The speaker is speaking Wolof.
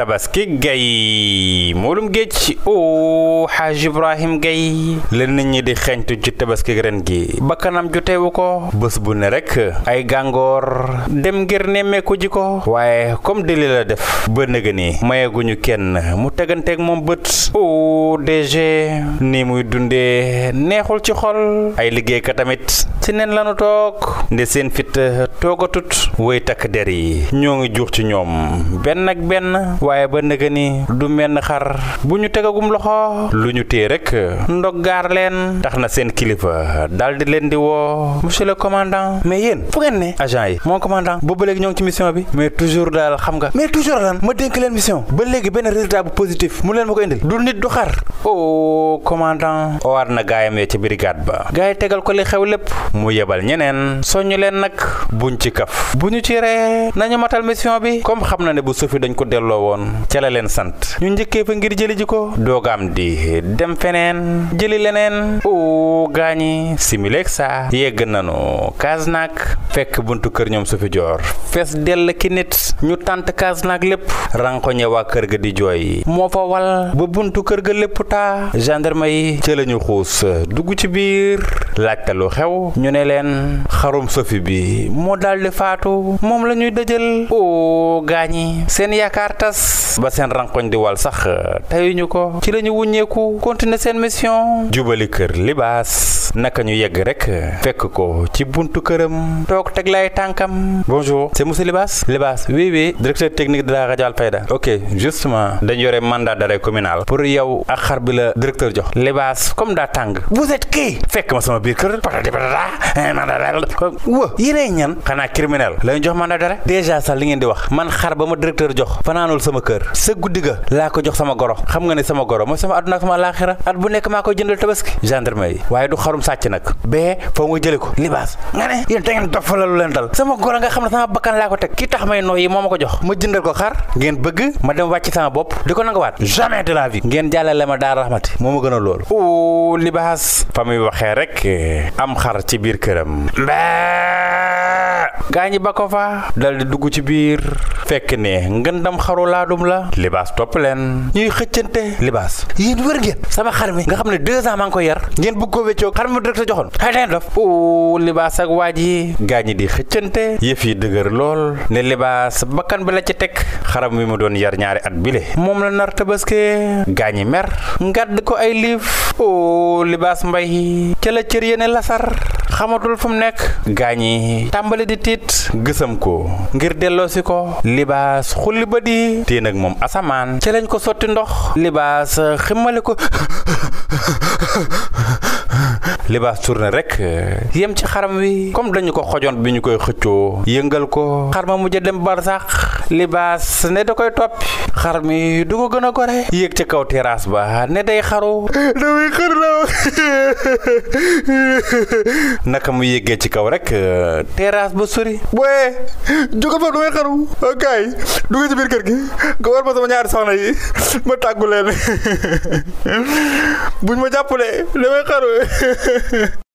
tabaski gay moolum géej o xaaj ibrahim gay la nit ñi di xeñtu ci tabaski ren gi bakkanam jotewu ko bés bu ne rek ay gàngoor dem ngir nemmeeku ji ko waaye comme deli la def ba nëga ni mayeguñu kenn mu teganteeg moom bët o DG ni muy dundee neexul ci xol ay liggéeykat tamit ci neen lanu toog nde seen fit toogatut woy takk der yi ñoo ngi juux ci ñoom benn ak benn waaye ba nëga ni du menn xar bu ñu tegagum loxo lu ñu téye rek ndoggaar leen tax na seen kilifa daal di leen di woo monsieur le commandant mais yéen fu ngeen ne agent yi mon commandant boobu léegi ñoo ci mission bi mais toujours daal xam nga mais toujours lan ma dénk leen mission ba léegi benn résultat bu positif mu leen ma ko indil du nit du xar oh commandant owaat na gaayam ya ci brigade ba gaay tegal ko li xew lépp mu yebal ñeneen soññu leen nag buñ ci kaf boroom ca la leen sant ñu njëkkee fa ngir jëli ji ko doogaam di dem feneen jëli leneen o gaañi simileeg saa yegg nanu Kasnack fekk buntu kër ñoom su fi joor fees dell ki nit ñu tànt Kasnack lépp rankoñe waa kër ga di jooy moo fa wal ba buntu kër ga lépp taa gendarme yi ca lañu xuus dugg ci biir laajte lu xew ñu ne leen xarum sofi bi moo daldi faatu moom lañuy dëjal o gaañi seen yaakaar tas ba seen rankoñ di wal sax euh, teyuñu ko ci lañu continuer seen mission jubali kër libaas naka ñu yegg rek euh, fekk ko ci buntu këram toog teg lay tànkam bonjour c'est monsieur libaas libaas oui oui directeur technique de la radio Alfayda ok justement dañ yore mandat d'arrêt communal pour yow ak xar bi la directeur jox libaas comme daa tàng vous êtes qui fekk ma sama biir kër patati patata eh, mandat d'arrêt wa ñan xanaa criminel lañu jox mandat d'arrêt déjà sax li ngeen di wax man xar ba ma directeur jox fanaanul sama kër sa guddi ga laa ko jox sama goro xam nga ne sama goro mooy sama àdduna ak sama alaaxira at bu nekk maa koy jëndal tabaski gendarme yi waaye du xarum sàcc nag bee foo nga jële ko libaas nga ne yéen da ngeen dof la lu leen dal sama goro nga xam ne sama bakkan laa ko teg ki tax may nooy yi moo ma ko jox ma jëndal ko xar ngeen bëgg ma dem wàcc sama bopp di ko nangawaat jamais de la vie ngeen jàllale ma daal raxmati moo ma gën a loolu o libaas fa gaañi ba ko fa dal dugg ci biir fekk ne ngëndam xaru laadum la libaas topp leen ñuy xëccante libaas yéen wër ngeen sama xar mi nga xam ne deux ans maa ngi koy yar ngeen bëgg koo wéccoog xar mi direct sa joxoon xay leen dof o libaas ak waaj yi gaañi di xëccante yëf yi dëgër lool ne libaas bakkan bi la ci teg xaram mi mu doon yar ñaari at bile moom la nar tabaske gaañi mer ngadd ko ay liif o libaas mbay ca la cër yéene lasar xamatul fu mu nekk gaañ yi tàmbali di tiit gisam ko ngir delloosi ko libaas xulli ba di téen moom asamaan ci lañ ko sotti ndox libaas ximmali ko libaas tourné rek yem ci xaram wi comme dañu ko xojoon bi ñu koy xëccoo yëngal ko xar ma mujj dem bar sax libaas ne da koy toppi xar mi du ko gën a gore yéeg ci kaw terrasse ba ne day xaru daway xër la naka mu yéegee ci kaw rek euh, terrasse ba sori. booyee jóge fa damay xaru. kay dugg ci biir kër gi nga war ma sama ñaari soxna yi ma tàggu leen buñ ma jàppalee damay xaru.